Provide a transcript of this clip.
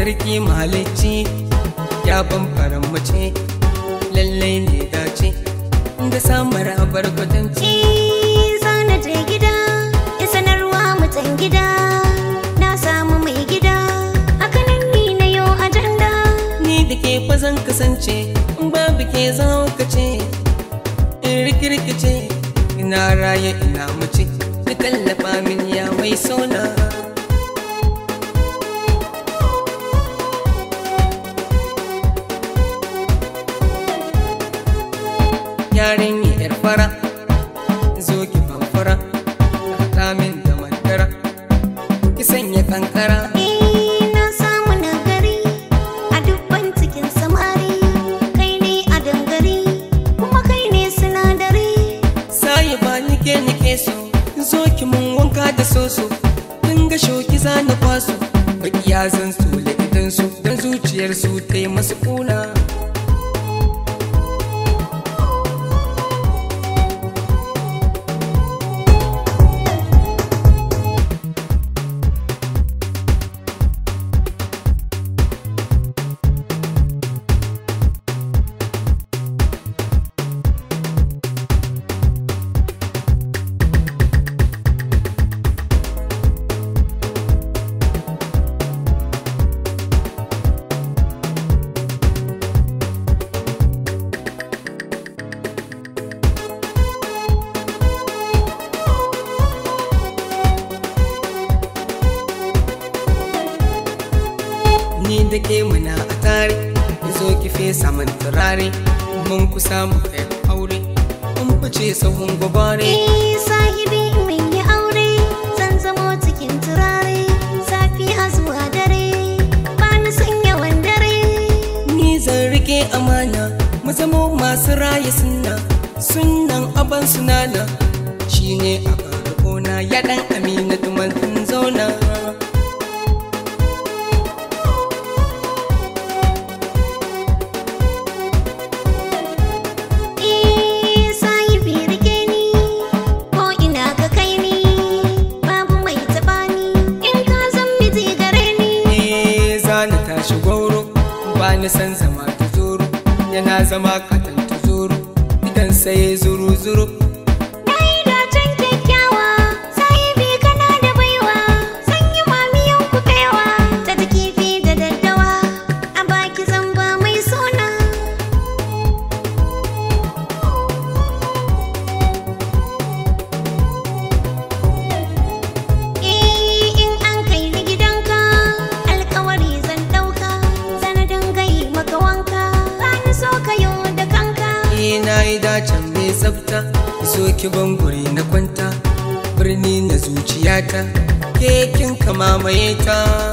sarki mahalicci ya bambara mace lallai ne dace da samar barkwatanci zana je gida ya sanarwa mutan gida na samu mai gida a nan ni na yau ajanda ni da ke kwazon kasance in babu ke zan kace in rikirkice ina raye ina mace ka kallafa min ya mai sona yarinya yar fara zo ki fara haɗa min da madara ki sanya kankara Zo ki mun wanka da soso, tun ga shoki zani kwaso, baki zan so da idan don zuciyar su ta yi masu kuna. ni da ke muna a tari, in zo ki fesa min turare mun kusa mu kai aure in fice sahun gobare eh sahibi mun yi aure zan zamo cikin turare zafi a zuwa dare bani ni son yawan dare ni zan rike amana mu zamo masu raye sunna sunnan aban sunana shine a barkona ya dan amina tuman zauna na san zama tuzuru yana zama katan tuzuru idan sai zuru zuru yi dacen mai tsafta so ki bambure na kwanta birni na zuciyata ke kin kama mai ta